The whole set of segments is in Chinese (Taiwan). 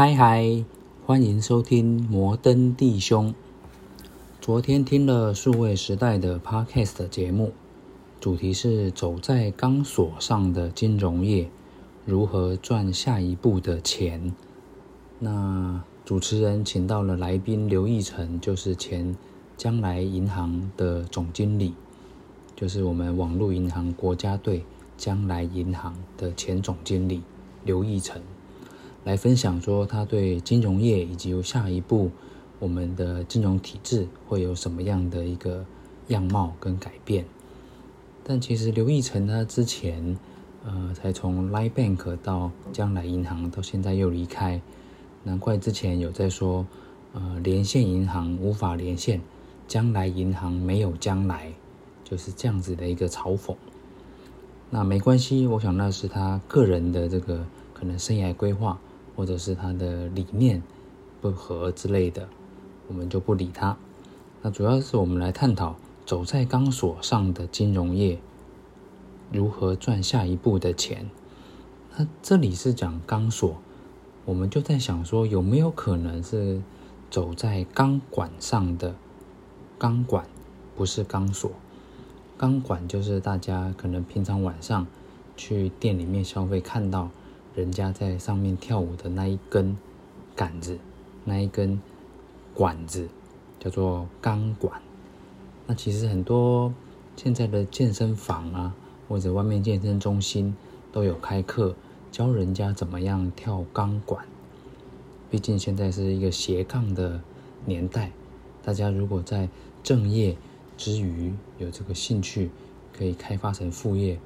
嗨嗨，歡迎收聽摩登弟兄。昨天聽了數位時代的 Podcast 節目，主題是走在鋼索上的金融業，如何賺下一步的錢。那主持人請到了來賓劉奕成，就是前將來銀行的總經理，就是我們網絡銀行國家隊將來銀行的前總經理劉奕成。來分享說他對金融業以及下一步我們的金融體制會有什麼樣的一個樣貌跟改變？但其實劉奕成他之前呃才從 Line Bank 到將來銀行，到現在又離開，難怪之前有在說呃連線銀行無法連線，將來銀行沒有將來，就是這樣子的一個嘲諷。那沒關係，我想那是他個人的這個可能生涯規劃。或者是他的理念不合之類的，我們就不理他。那主要是我們來探討走在鋼索上的金融業，如何賺下一步的錢。那這裡是講鋼索，我們就在想說有沒有可能是走在鋼管上的鋼管？鋼管不是鋼索，鋼管就是大家可能平常晚上去店裡面消費看到。人家在上面跳舞的那一根桿子，那一根管子叫做鋼管。那其實很多現在的健身房啊，或者外面健身中心都有開課，教人家怎麼樣跳鋼管。畢竟現在是一個斜槓的年代，大家如果在正業之餘有這個興趣，可以開發成副業，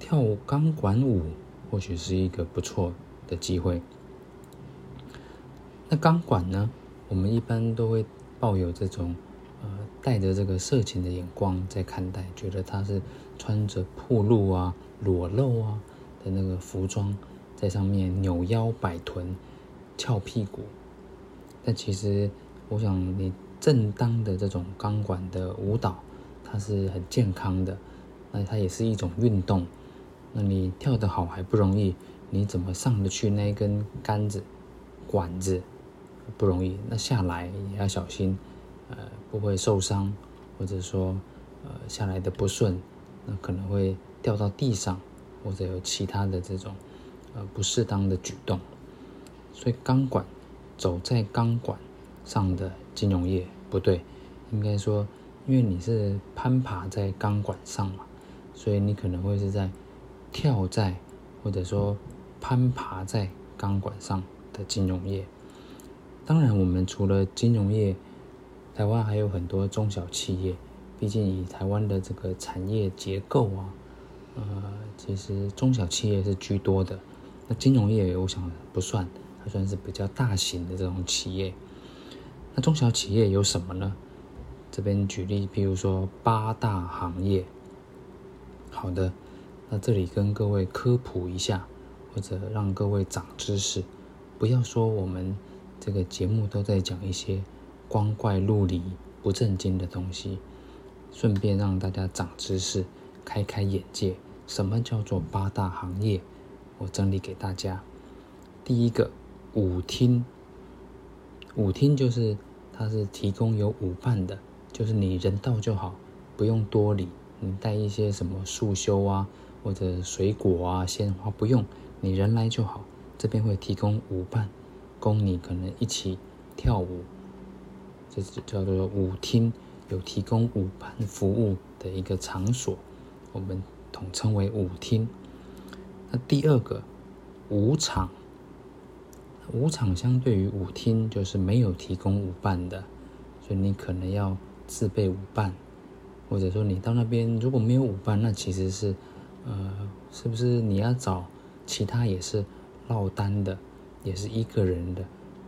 跳鋼管舞。或許是一個不錯的機會。那鋼管呢？我們一般都會抱有這種呃帶着這個色情的眼光在看待，覺得它是穿着暴露啊、裸露啊的那個服裝在上面扭腰擺臀、翹屁股。但其實，我想你正當的這種鋼管的舞蹈，它是很健康的，那它也是一種運動。那你跳得好還不容易，你怎麼上得去那根桿子、管子？不容易。那下來也要小心，呃，不會受傷，或者說，呃，下來得不順，那可能會掉到地上，或者有其他的這種呃不適當的舉動。所以鋼管，走在鋼管上的金融業不對，應該說，因為你是攀爬在鋼管上嘛，所以你可能會是在。跳在或者說攀爬在鋼管上的金融業，當然，我們除了金融業，台灣還有很多中小企業。畢竟以台灣的這個產業結構啊，呃，其實中小企業是居多的。那金融業我想不算，它算是比較大型的這種企業。那中小企業有什麼呢？這邊舉例，比如說八大行業。好的。那這裡跟各位科普一下，或者讓各位長知識，不要說我們這個節目都在講一些光怪陸離、不正經的東西，順便讓大家長知識、開開眼界。什麼叫做八大行業？我整理給大家。第一個，舞廳。舞廳就是它是提供有舞伴的，就是你人到就好，不用多禮。你帶一些什麼束脩啊？或者水果啊，鮮花不用，你人來就好。這邊會提供舞伴，供你可能一起跳舞。這叫做舞廳，有提供舞伴服務的一個場所，我們統稱為舞廳。那第二個舞場，舞場相對於舞廳就是沒有提供舞伴的，所以你可能要自備舞伴，或者說你到那邊如果沒有舞伴，那其實是。呃，是不是你要找其他也是落單的，也是一個人的，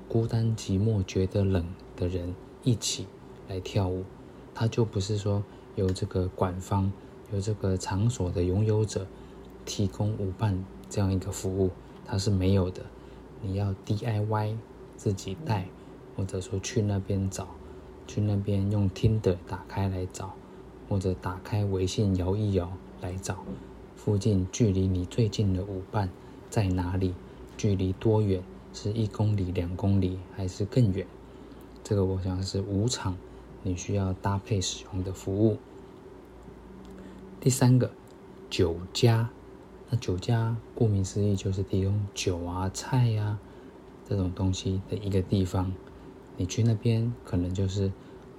孤單寂寞覺得冷的人一起來跳舞？他就不是說由這個館方、由這個場所的擁有者提供舞伴這樣一個服務，他是沒有的。你要 DIY 自己帶，或者說去那邊找，去那邊用 Tinder 打開來找，或者打開微信搖一搖來找。附近距離你最近的舞伴在哪裡？距離多遠？是一公里、兩公里，還是更遠？這個我想是舞場，你需要搭配使用的服務。第三個酒家，那酒家顧名思義就是提供酒啊、菜呀、啊、這種東西的一個地方。你去那邊可能就是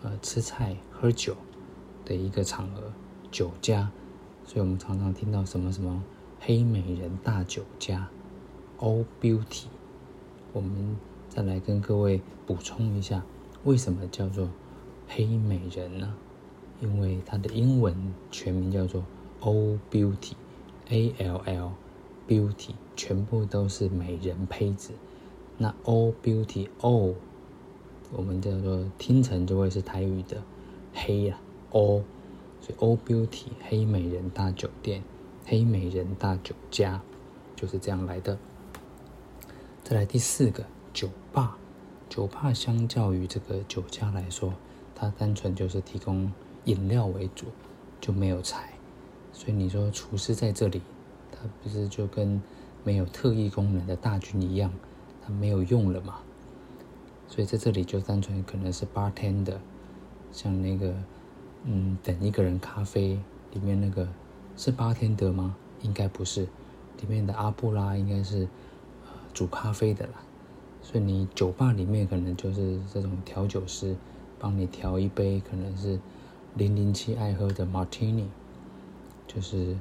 呃吃菜喝酒的一個場合，酒家。所以我們常常聽到什麼什麼“黑美人大酒家 ”，All Beauty。我們再來跟各位補充一下，為什麼叫做“黑美人”呢？因為它的英文全名叫做 All Beauty，A L L Beauty，全部都是美人胚子。那 All Beauty，O，我們叫做聽成就會是台語的黑啊，O。所以，All Beauty 黑美人大酒店、黑美人大酒家就是這樣來的。再來第四個，酒吧。酒吧相較於這個酒家來說，它單純就是提供飲料為主，就沒有菜。所以你說廚師在這裡，他不是就跟沒有特異功能的大軍一樣，他沒有用了嗎？所以在這裡就單純可能是 bartender，像那個。嗯，等一個人咖啡，裡面那個是巴天德嗎？應該不是，裡面的阿布拉應該是、呃、煮咖啡的啦。所以你酒吧裡面可能就是這種調酒師幫你調一杯，可能是零零七愛喝的 Martini，就是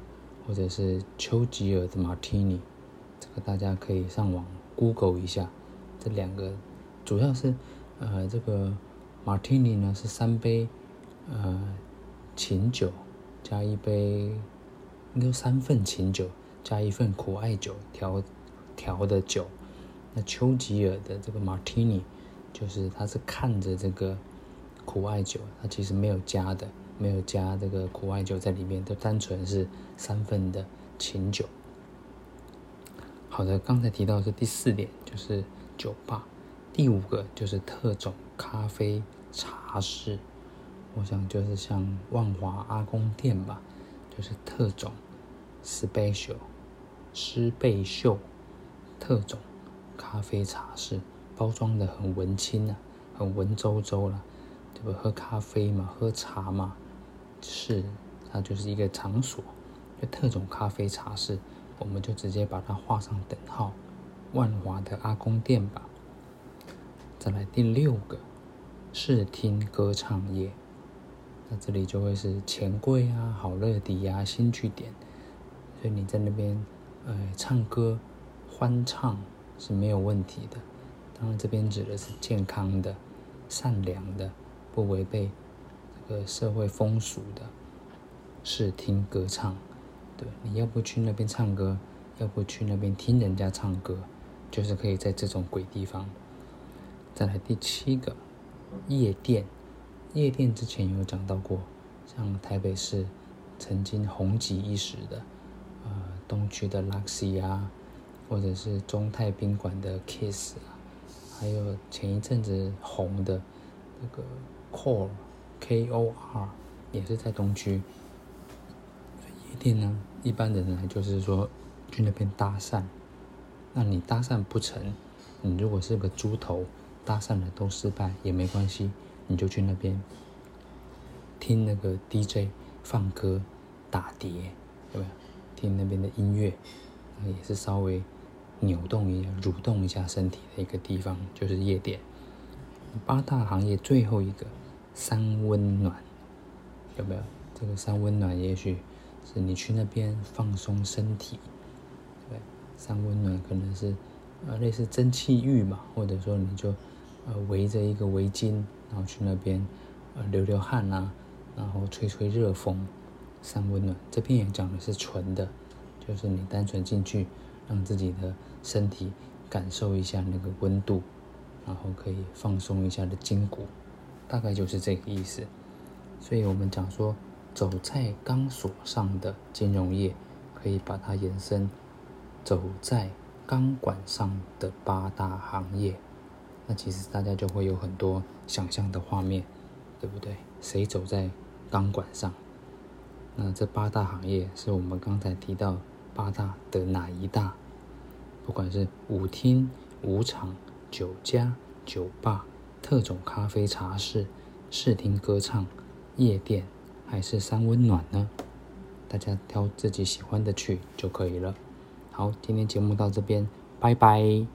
或者是丘吉爾的 Martini。這個大家可以上網 Google 一下，這兩個主要是呃這個 Martini 呢是三杯。呃，琴酒加一杯，應該三份琴酒加一份苦艾酒調調的酒。那丘吉爾的這個 Martini 就是他是看着這個苦艾酒，他其實沒有加的，沒有加這個苦艾酒在裡面，都單純是三份的琴酒。好的，剛才提到的是第四點，就是酒吧。第五個就是特種咖啡茶室。我想就是像萬華阿公店吧，就是特種，special，師貝秀，特種咖啡茶室，包裝的很文青啊，很文縐縐了，這不？喝咖啡嘛，喝茶嘛，是它就是一個場所，就特種咖啡茶室，我們就直接把它畫上等號，萬華的阿公店吧。再來第六個，視聽歌唱業。那這裡就會是錢櫃啊、好樂迪啊、星聚點，所以你在那邊，呃，唱歌歡唱是沒有問題的。當然，這邊指的是健康的、善良的，不違背這個社會風俗的視聽歌唱。對，你要不去那邊唱歌，要不去那邊聽人家唱歌，就是可以在這種鬼地方。再來第七個，夜店。夜店之前有講到過，像台北市曾經紅極一時的，呃，東區的 Luxy 啊，或者是中泰賓館的 Kiss，啊，還有前一陣子紅的這個 Call K O R，也是在東區。夜店呢，一般人來就是說去那邊搭訕，那你搭訕不成，你如果是個豬頭，搭訕了都失敗也沒關係。你就去那邊聽那個 DJ 放歌、打碟，有沒有？聽那邊的音樂，也是稍微扭動一下、蠕動一下身體的一個地方，就是夜店。八大行業最後一個三溫暖，有沒有？這個三溫暖也許是你去那邊放鬆身體，對，三溫暖可能是、呃、類似蒸汽浴嘛，或者說你就呃、圍着一個圍巾。然後去那邊，呃，流流汗啦，啊，然後吹吹熱風，三溫暖。這邊也講的是純的，就是你單純進去，讓自己的身體感受一下那個溫度，然後可以放鬆一下的筋骨，大概就是這個意思。所以我們講說，走在鋼索上的金融業，可以把它延伸，走在鋼管上的八大行業。那其實大家就會有很多想象的畫面，對不對？誰走在鋼管上？那這八大行業是我們剛才提到八大的哪一大？不管是舞廳、舞場、酒家、酒吧、特種咖啡茶室、視聽歌唱、夜店，還是三溫暖呢？大家挑自己喜歡的去就可以了。好，今天節目到這邊，拜拜。